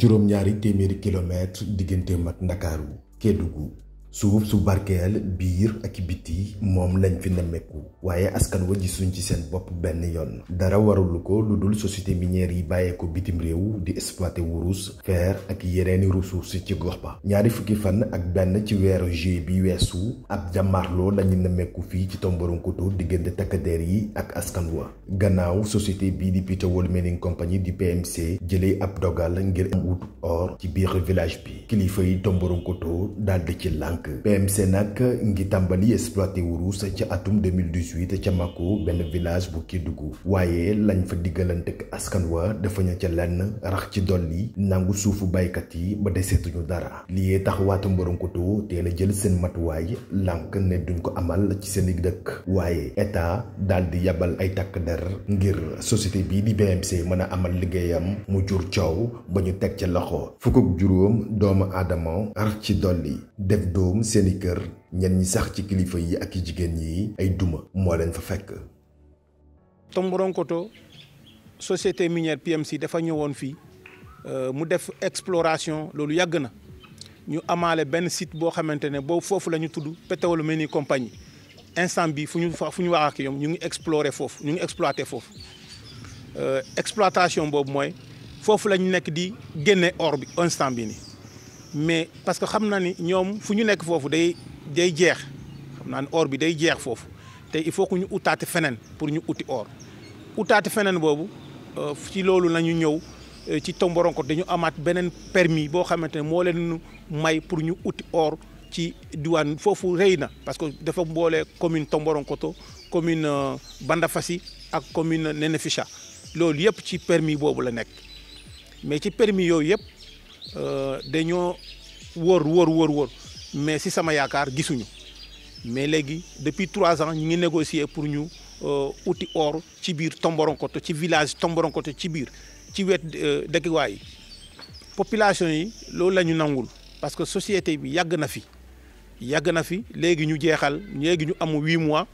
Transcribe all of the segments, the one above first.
juróom-ñaari téeméeri kilomètre digganteem ak Ndakaaru Kédougou suuf su barkeel biir ak biti moom lañ fi nemmeeku waaye askan wa suñ ci seen bopp benn yoon dara warulu ko lu dul société minière yi bàyyee ko bitim réew di exploité wurus fer ak yeneeni ressources ci gox ba ñaari fukki fan ak benn ci weeru juillet bi weesu ab jàmmaarloo lañu nemmeeku fii ci Tomboronkoto diggante takkadeer yi ak askan wa gannaaw société bii di Peterwald Mining Company di PMC jëlee ab dogal ngir am wut or ci biir village bi kilifa yi Tomboronkoto daldi ci lànk nag PMC nag ngi tàmbali exploité wurus ca atum 2018 ca Mako benn village bu Kédougou waaye lañ fa diggalante ak askan wa dafa ña ca lenn rax ci dolli nangu suufu baykat yi ba deseetuñu dara liyee tax waata mboronkoto teel a jël seen matuwaay lànk ne duñ ko amal ci seen i dëkk waaye état daal di yabal ay takk der ngir société bii di BMC mën a amal liggéeyam mu jur coow ba ñu teg ca loxo fukk juróom doomu aadama rax ci dolli def doom buum seeni kër ñenn ñi sax ci kilifa yi ak i jigéen ñi ay duma moo leen fa fekk. Tomboronkoto société minière PMC dafa ñëwoon fii euh, mu def exploration loolu yàgg na ñu amaale benn site boo xamante ne boobu foofu la ñu tudd mel nii Company instant bi fu ñu fa fu ñu wax ak ñoom ñu ngi explorer foofu ñu ngi exploiter foofu euh, exploitation boobu mooy foofu la ñu nekk di génne or bi instant bi nii. mais parce que xam na ni ñoom fu ñu nekk foofu day day jeex xam naa ne or bi day jeex foofu te il faut que ñu utaat feneen pour ñu uti or utaati feneen boobu euh, ci loolu la ñëw euh, ci Tomboronko dañu amaat beneen permis boo xamante ne moo leen may pour ñu uti or ci diwaan foofu rëy na parce que dafa mboolee commune Tomboronkoto commune euh, Bandafassi ak commune Nenefisha loolu yëpp ci permis boobu la nekk mais ci permis yooyu yëpp. Euh, dañoo wóor wóor wóor wóor mais si sama yaakaar gisuñu mais léegi depuis trois ans ñu ngi négocier pour ñu euh, uti or ci biir Tomboronkoto ci village Tomboronkoto ci biir ci wet euh, dëkkuwaay yi population yi loolu la ñu nangul parce que société bi yàgg na fi yàgg na fi léegi ñu jeexal léegi ñu am huit mois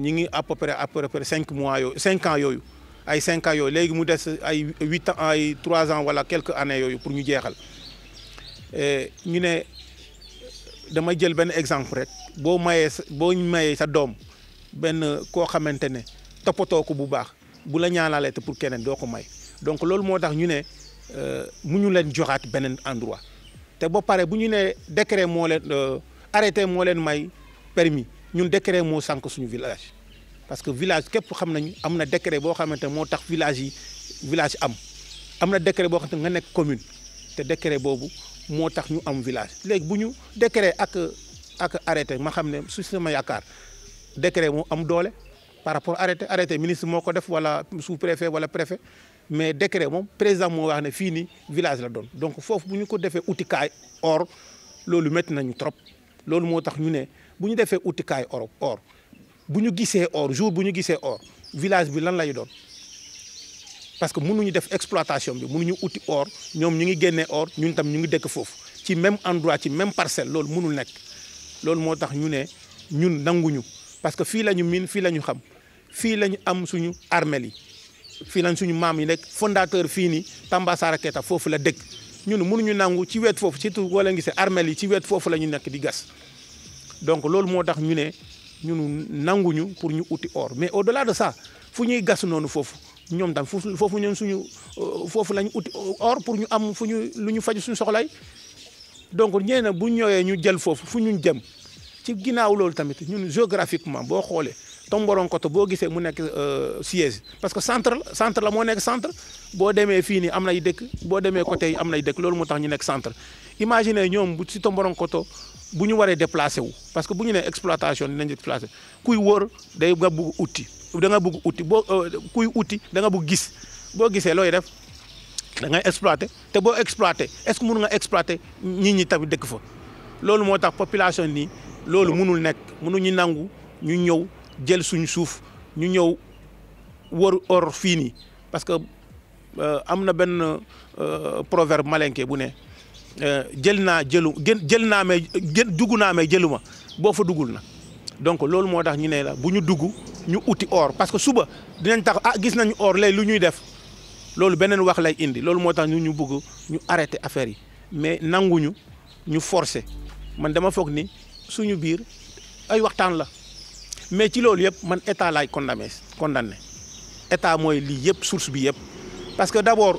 ñu ngi à peu près à cinq mois yooyu cinq ans yooyu ay cinq ans yooyu léegi mu des ay huit ans ay trois ans wala quelques années yooyu pour ñu jeexal eh, ñu ne dama jël benn exemple rek boo mayee sa boo mayee sa doom benn koo xamante ne toppatoo ko bu baax bu la ñaanalee te pour keneen doo ko may donc loolu moo tax ñu ne euh, mu ñu leen joxaat beneen endroit te ba pare bu ñu nee décret moo leen euh, arrêté moo leen may permis ñu décret moo sànq suñu village. parce que village képp xam nañu am na décret boo xamante ne moo tax village yi village am am na décret boo xam xamante nga nekk commune te décret boobu moo tax ñu am village léegi bu ñu décret ak ak arrêté ma xam ne su sama yaakaar décret moo am doole par rapport arrêté arrêté ministre moo ko def wala sous wala préfet mais décret moom président moo wax ne fii nii village la doon donc foofu bu ñu ko defee utikaay or loolu métti nañu trop loolu moo tax ñu ne bu ñu defee utikaay or or bu ñu gisee or jour bu ñu gisee or village bi lan lay doon parce que mënuñu def exploitation bi mënuñu uti or ñoom ñu ngi génnee or ñun tam ñu ngi dëkk foofu ci même endroit ci même parcelle loolu mënul nekk loolu moo tax ñu ne ñun nanguñu parce que fii la ñu miin fii la ñu xam fii la ñu am suñu armel yi fii lañ suñu maam yi nekk fondateur fii nii Tamba Saraketa foofu la dëkk ñun mënuñu nangu ci wet foofu surtout wala ngi se armel yi ci wet foofu la ñu nekk di gas loolu moo tax ñu ne ñun nanguñu pour ñu uti or mais au delà de ça fu ñuy gas noonu foofu ñoom tam foofu ñoom suñu euh, foofu lañ uti or pour ñu am fu ñu lu ñu faj suñu soxlay donc ñee na bu ñëwee ñu jël foofu fu ñu jëm ci ginnaaw loolu tamit ñun géographiquement boo xoolee Tomboronkoto boo gisee mu nekk euh, siège parce que centre la centre la moo nekk centre boo demee fii nii am nay dëkk boo demee côté am nay dëkk loolu moo tax ñu nekk centre imagine ñoom bu si Tomboronkoto bu ñu waree déplacé wu parce que bu ñu ne exploitation dinañ déplacé kuy wóor day nga bugg utti da nga bugg utti boo euh, kuy utti da bugg gis boo gisee looy def da ngay exploité te boo exploité est que mun nga exploité nit ñi tamit dëkk fa loolu moo tax population ni loolu munul nekk mënuñu nangu ñu ñëw jël suñu suuf ñu ñëw war or fii nii parce que euh, am na benn euh, proverbe malinké bu ne euh, jël naa jëlu gën jël naa mais gën dugg naa mais jëluma boo fa duggul na donc loolu moo tax ñu nee la bu ñu dugg ñu uti or parce que suba dinañ tax ah gis nañu or lay lu ñuy def loolu beneen wax lay indi loolu moo tax ñu ñu bugg ñu arrêté affaire yi mais nanguñu ñu forcé man dama foog ni suñu biir ay waxtaan la mais ci loolu yëpp man état laay condamné condamné état mooy lii yëpp source bi yëpp parce que d' abord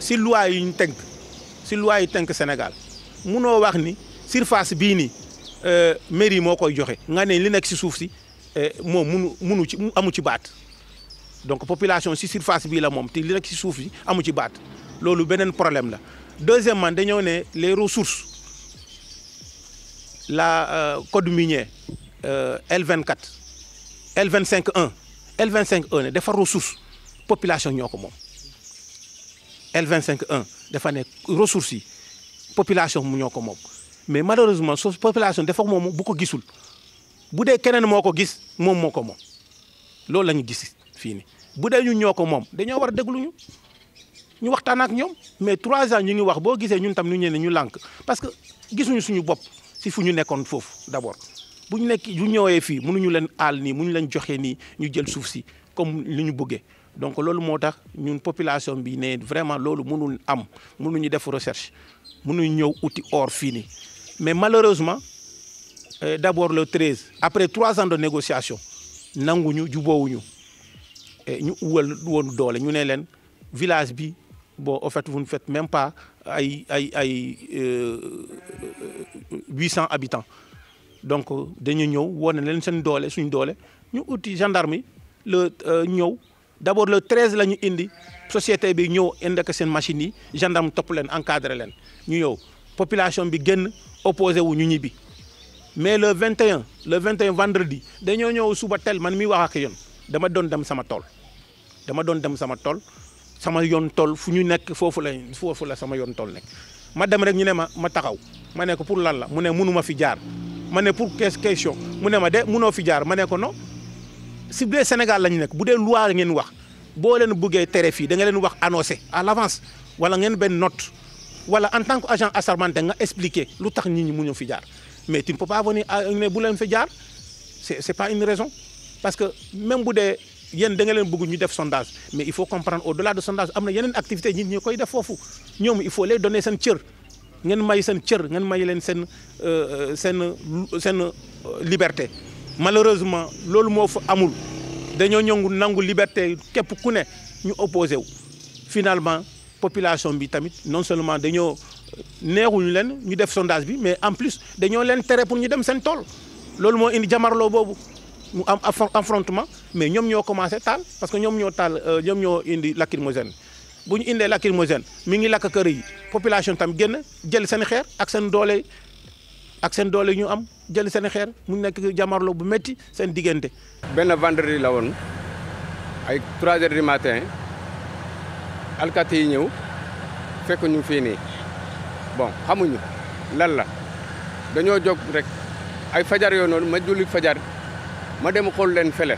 si loi yi ñu tënk si loi tenk tënk Sénégal munoo wax ni surface bii nii euh, mairie moo koy joxe nga ne li nekk si suuf si euh, moom munu munu ci amu ci baat donc population si surface bii la moom te li nekk si suuf si amu ci baat loolu beneen problème la deuxièmement dañoo ne les ressources la euh, code minier le L24 L25 1 L25 1 ne defar ressource population ñoo ko moom L25 1 dafa ne ressource yi population mu ñoo ko moom mais malheureusement so population dafa moom bu ko gisul bu dee keneen moo ko gis moom moo ko moom loolu la ñu gis fii bu dee ñu ñoo ko moom dañoo war a déglu ñu ñu waxtaan ak ñoom mais trois ans ñu ngi wax boo gisee ñun tam ñu ñee ne ñu lànk parce que gisuñu suñu bopp si fu ñu nekkoon foofu d'abord bu ñu nekk bu ñëwee fii mënuñu leen aal nii mënuñu leen joxe nii ñu jël suuf si comme li ñu buggee donc loolu moo tax ñun population bi ne vraiment loolu mënul am mun ñu def recherche mënuñu ñëw uti or fii nii mais malheureusement euh, d' abord le 13 après trois ans de négociation nanguñu juboowuñu ñu uwal woon doole ñu ne leen village bi bon o fait vous ne faites même pas ay ay ay 800 euh, euh, habitants. donc dañu ñëw wane leen seen doole suñu doole ñu uti gendarme yi le euh, ñëw d' abord le 13 la ñu indi société bi ñëw indi ak seen machines yi gendarme topp leen encadré leen ñu ñëw population bi génn opposé wu ñibbi mais le 21 le 21 vendredi dañoo ñëw suba tel man mi wax ak yoon dama doon dem sama tool dama doon dem sama tool sama yoon tol fu ñu nekk foofu la foofu la sama yoon tool nekk ma dem rek ñu ne ma ma taxaw ma ne ko pour lan la mu ne mënuma fi jaar. ma ne pour question mu ne ma de munoo fi jaar ma ne ko non si bu dee Sénégal lañu nekk bu dee loi ngeen wax boo leen bëggee tere fii da nga leen wax annoncé à l'avance wala ngeen benn note wala en tant que agent assermenté nga expliquer lu tax nit ñi mu ñu fi jaar mais tu ne peux pas venir bu leen fi jaar c'est c'est pas une raison parce que même bu dee yéen da leen bëgg ñu def sondage mais il faut comprendre au-delà de sondage am na yeneen activités nit ñi koy def foofu ñoom faut les donner seen cër. ngeen may seen cër ngeen may leen seen euh, euh, seen seen euh, liberté malheureusement loolu moo fa amul dañoo ñëngu nangu liberté képp ku ne ñu opposé wu finalement population bi tamit non seulement dañoo neexuñu leen ñu def sondage bi mais en plus dañoo leen tere pour ñu dem seen tool loolu moo indi jamarloo boobu mu am affrontement mais ñoom ñoo commencé taal parce que ñoom ñoo taal ñoom ñoo indi lacrymogène bu ñu indee lacrymogène mi ngi lakk kër yi population tam génn jël seen xeer ak seen doole ak seen doole ñu am jël seen xeer mu nekk jamarlo bu métti seen diggante. benn vendredi la woon ay 3 heures du matin alkaati yi ñëw fekk ñu fii nii bon xamuñu lan la dañoo jóg rek ay fajar yoo noonu ma julli fajar ma dem xool leen fele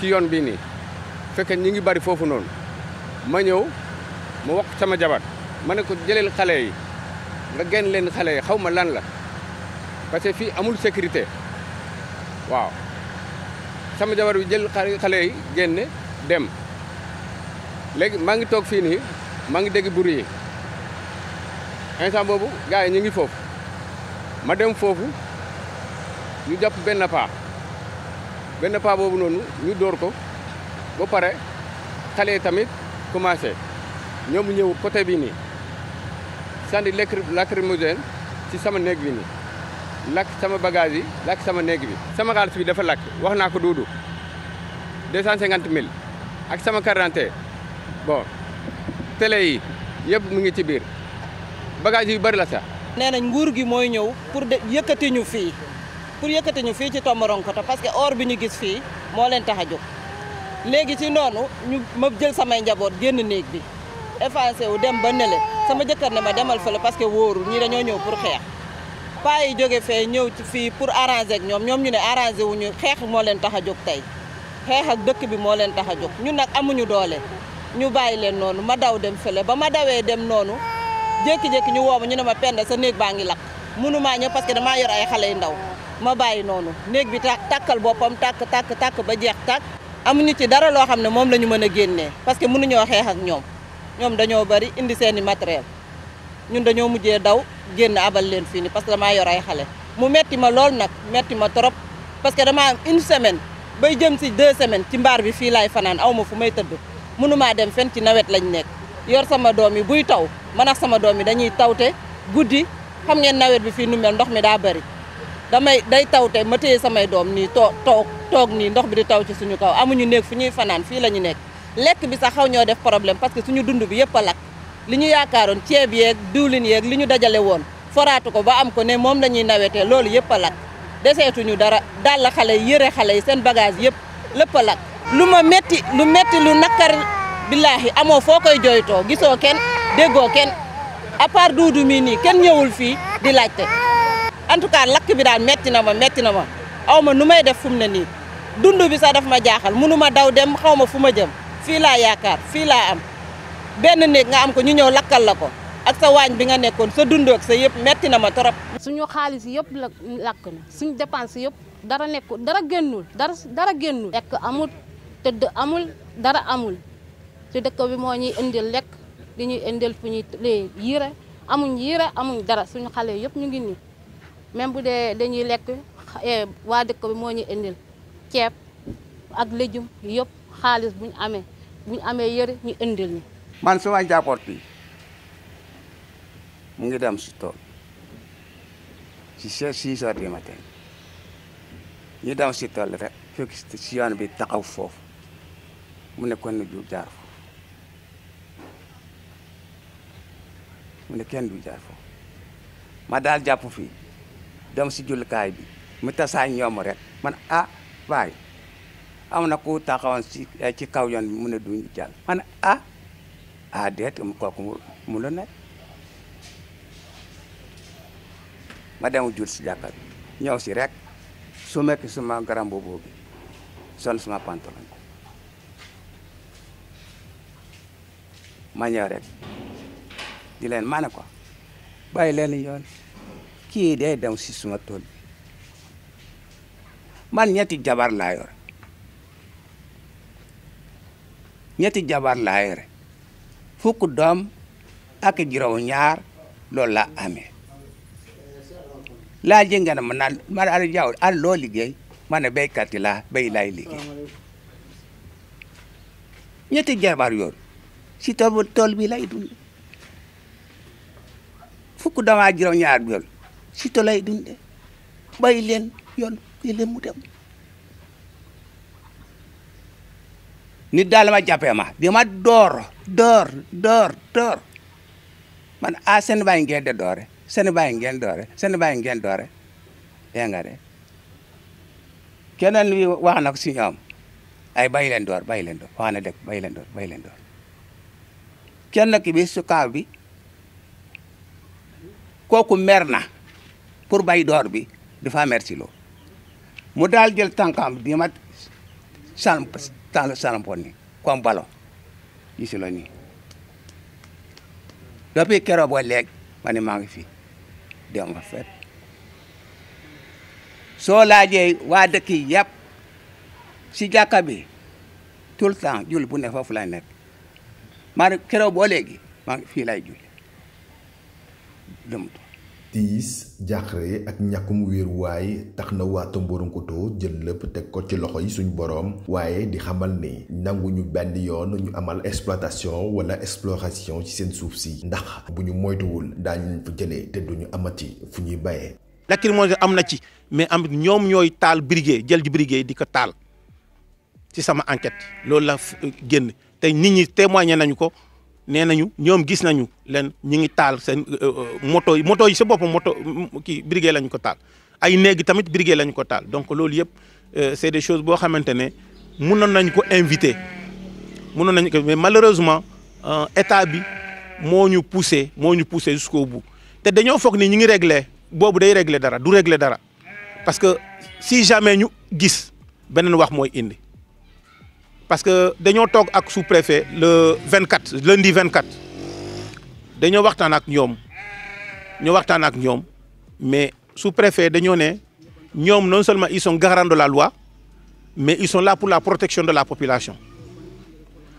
ci yoon bii nii fekk ñi ngi bari foofu noonu ma ñëw. mu wax sama jabar ma ne ko jëleel xale yi nga génn leen xale yi xaw ma lan la parce que fii amul sécurité waaw sama jabar bi jël xale yi ne dem léegi maa ngi toog fii nii maa ngi dégg bruit yi boobu gars yi ñu ngi foofu ma dem foofu ñu jàpp benn paa benn paa boobu noonu ñu door ko ba pare xale yi tamit commencé. ñoom ñëw côté bi nii sànni lacrymogène si sama néeg bi nii lakk sama bagage yi lakk sama néeg bi sama xaalis bi dafa lakk wax naa ko duudu deux cent cinquante mille ak sama quarante bon télé yi yëpp mu ngi ci biir bagage yu bari la sax nee nañ nguur gi mooy ñëw pour de yëkkati ñu fii pour yëkkati ñu fii ci Tomboronkoto parce que or bi ñu gis fii moo leen tax a jóg léegi ci noonu ñu ma jël samay njaboot génn néeg bi effacé wu dem ba nele sama jëkkër ne ma demal fële parce que wóorul ñii dañoo ñëw pour xeex paa jóge fee ñëw ci fii pour arranger ñoom ñoom ñu ne arranger wu ñu xeex moo leen tax a jóg tey xeex ak dëkk bi moo leen tax a jóg ñun nag amuñu doole ñu bàyyi leen noonu ma daw dem fële ba ma dawee dem noonu jékki ñu woo ma ñu ne ma penda sa néeg baa ngi lakk mënumaa ñëw parce que damaa yor ay xale yu ndaw ma bàyyi noonu néeg bi tàkk tàkkal boppam tàkk tàkk tàkk ba jeex tàkk amuñu ci dara loo xam ne moom la ñu mën a génnee parce que mënuñoo xeex ak ñoom ñoom dañoo bari indi seeni matériel ñun dañoo mujjee daw génn abal leen fii nii parce que damaa yor ay xale mu metti ma lool nag metti ma trop parce que damaa am une semaine bay jëm si deux semaine ci mbaar bi fii laay fanaan aw ma fu may tëdd mënumaa dem fenn ci nawet lañ nekk yor sama doom yi buy taw man sama doom yi dañuy tawte guddi xam ngeen nawet bi fii nu mel ndox mi daa bari damay day tawte ma téye samay doom nii toog toog toog nii ndox bi di taw ci suñu kaw amuñu néeg fu ñuy fanaan fii la ñu nekk lekk bi sax xaw ñoo def problème parce que suñu dund bi yëpp a li ñu yaakaaroon ceeb yeeg diwlin yeeg li ñu dajale woon foraatu ko ba am ko ne moom la ñuy nawetee loolu yëpp a lakk deseetuñu dara dal la xale yi yëre xale yi seen bagage yëpp lépp a lu ma métti lu métti lu nakkar billaahi amoo foo koy jooytoo gisoo kenn déggoo kenn à part duudu mii nii kenn ñëwul fii di laajte en tout lakk bi daal métti na ma métti na ma aw ma nu may def fu mu ne nii dund bi sax daf ma jaaxal munu ma daw dem xaw ma fu ma jëm fii laa yaakaar fii laa am benn néeg nga am ko ñu ñëw lakkal la ko ak sa waañ bi nga nekkoon sa dundoog sa yëpp metti na ma trop. suñu xaalis yëpp la lakk na suñu dépense yëpp dara nekkoon dara génnul dara dara génnul. lekk amul tëdd amul dara amul ci dëkk bi moo ñuy indil lekk di ñuy indil fu ñu yiire amuñ yiire amuñ dara suñu xale yëpp ñu ngi nii même bu dee dañuy lekk eh, waa dëkk bi moo ñu indil ceeb ak léjum yëpp xaalis bu ñu amee. bu ñu amee yëre ñu indil ñu. man suma njaboot bi mu ngi dem si tool si six heures du matin ñu dem si tool rek fekk si yoon bi taxaw foofu mu ne kon du jaar foofu mu ne kenn du jaar foofu ma daal jàpp fi dem si jullukaay bi mu tasaay ñoom rek man ah waaye. am na ku taxawoon ci eh, ci kaw yoon bi mu ne duñu jàll ma ne ah, ah kooku mu la nekk ma dem jul si jàkka bi si rek su mekk suma garam boobu bi sol suma pantalon ma ñëw rek di leen ma ne ko bàyyi leen yoon kii day dem si suma tool bi man ñetti jabar laa yor ñetti jabar laa yore fukk doom ak juróom ñaar loolu laa amee laa jënga na ma naan ma al jaww al loo liggéey ma ne béykat yi laa béy laay liggéey ñetti jabar yoon si bi lay dund fukk doom ak juróom ñaar yoon si tool lay dunde bay leen yoon yi mu dem nit daal ma jàppee ma di ma door door door man a ah, seen bay ngeen de doore seen bay ngeen doore seen bàyyi ngeen doore dégg nga de keneen wi wax na ko si ñoom leen door bàyyi leen door wax leen door bàyyi ki bi su kaaw bi kooku mer na pour bay door bi dafa mer ci loolu mu daal jël tànkam di ma sàmp saramponne comme ballon ñu si la nii depuis keroog ba léegi ma ne maa ngi fi dem ma fet soo laajee waa dëkk yi yëpp si jàkka bi tout le temps jul bu ne foofu lay nekk maa ne keroog boo léegi maa ngi fii lay jul tiis jaaxle ak ñàkkum wéeruwaay tax na waa Tomboronkoto jël lépp teg ko ci loxo yi suñu boroom waaye di xamal ni nanguñu benn yoon ñu amal exploitation wala exploration ci seen suuf si ndax bu ñu moytuwul daañu fa jëlee te duñu amati fu ñuy bayee. lacrymogène am na ci mais am ñoom ñooy taal brigé jël ji brigé di ko taal ci sama enquête loolu la génn te nit ñi témoigné nañu ko. nee nañu ñoom gis nañu leen ñu ngi taal seen euh, euh, moto yi moto yi sa bopp moto kii brigé lañ ko taal ay néegi tamit brigé lañ ko taal donc loolu yëpp euh, c'est des choses boo xamante ne mënoon nañ ko invité mënoon nañu ko mais malheureusement état bi moo ñu poussé moo ñu poussé jusqu'au bu te dañoo foog ni ñu ngi réglé boobu day réglé dara du réglé dara parce que si jamais ñu gis beneen wax mooy indi parce que dañoo toog ak sous-préfet le vingt quatre 24 vingt 24 dañoo waxtaan ak ñoom ñu waxtaan ak ñoom mais sous-préfet dañoo ne ñoom non seulement ils sont garants de la loi mais il sont la pour la protection de la population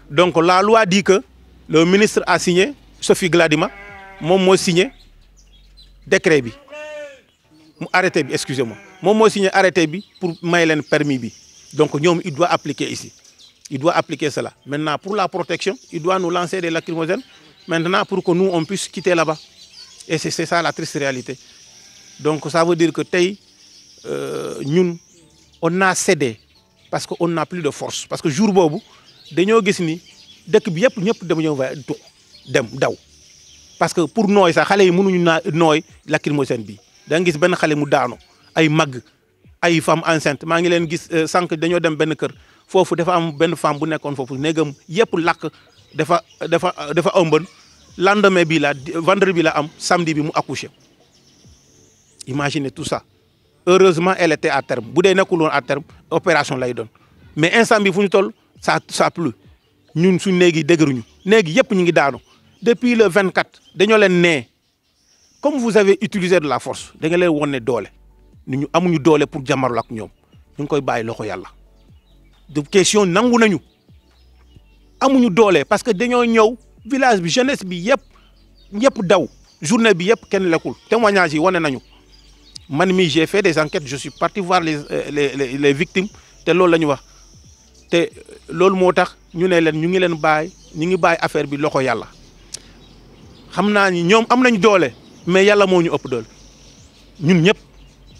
donc la loi dit que le ministre a signé Sophie Gladima moom moo signé décret bi mu arrêté bi excusez-moi moom moo signé arrêté bi pour may leen permis bi donc ñoom il doit appliquer ici il doit appliquer cela. Maintenant, pour la protection, il doit nous lancer des lacrymogènes, maintenant pour que nous, on puisse quitter là-bas. Et c'est ça la triste réalité. Donc ça veut dire que Tay, euh, ñun nous, on a cédé parce que on n'a plus de force. Parce que jour boobu dañoo gis ni dëkk bi yëpp ñëpp dem ñëw va dem daw parce que pour nooy sax xale yi mënuñu naa nooy lacrymogène bi da nga gis benn xale mu daanu ay mag ay femme enceinte maa ngi leen gis euh, sànq dañoo dem benn kër foofu dafa am benn femme bu nekkoon foofu néegam yëpp lakk dafa dafa dafa ëmban lendemain bi la vendredi bi la am samedi bi mu accouché imaginez tout ça heureusement elle était à terme bu dee nekkul woon à terme opération lay doon mais instant bi fu ñu toll ça ça ñun suñ néegi dëgëruñu néegi yëpp ñu ngi daanu depuis le vingt 24 dañoo leen nee comme vous avez utilisé de la force da nga leen wone doole doole ñu amuñu doole pour jàmmarloo ak ñoom ñu ngi koy bàyyi loxo yàlla. du question nangu nañu amuñu doole parce que dañoo ñëw village bi jeunesse bi yëpp ñëpp daw journée bi yëpp kenn lekkul témoignage yi wane nañu man mi j'ai et des enquêtes je suis parti voir euh, les les les victimes te loolu la ñu wax te loolu moo tax ñu ne leen ñu ngi leen bàyyi ñu ngi bàyyi affaire bi loxo yàlla xam naa ni ñoom am nañu doole mais yàlla moo ñu ëpp doole ñun ñëpp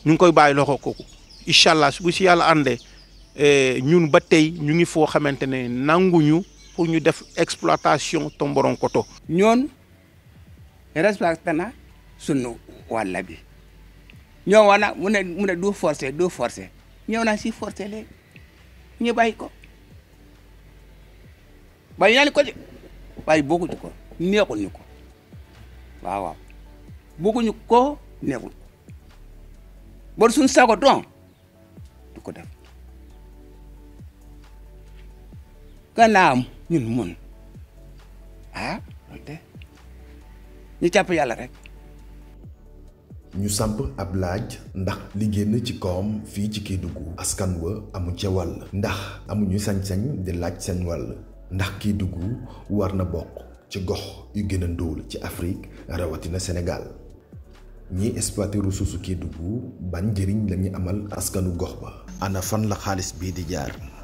ñu ngi koy bàyyi loxo kooku incha allah bu si yàlla àndee. Eh, ñun ba tey ñu ngi foo xamante ne nanguñu pour ñu def exploitation Tomboronkoto. ñoon respecté na sunu wàll bi ñoo wala mu ne mu ne du forcé du forcé ñëw naa si forcé léegi ñu bàyyi ko bàyyi naa ni ko de waaye bokkuñu ko neexuñu ko waaw bokkuñu ko neexuñu ko bon suñu sago doon du ko def. gannaam ñun mun ah ñu jàpp yàlla rek. ñu samp ab laaj ndax li génn ci kawam fii ci Kédougou askan wa amu ca wàll ndax amuñu sañ-sañ di laaj seen wàll ndax Kédougou war na bokk ci gox yu gën a ndóol ci Afrique rawatina Sénégal ñiy exploité ressource Kédougou ban njëriñ la amal askanu gox ba. ana fan la xaalis bii di jaar.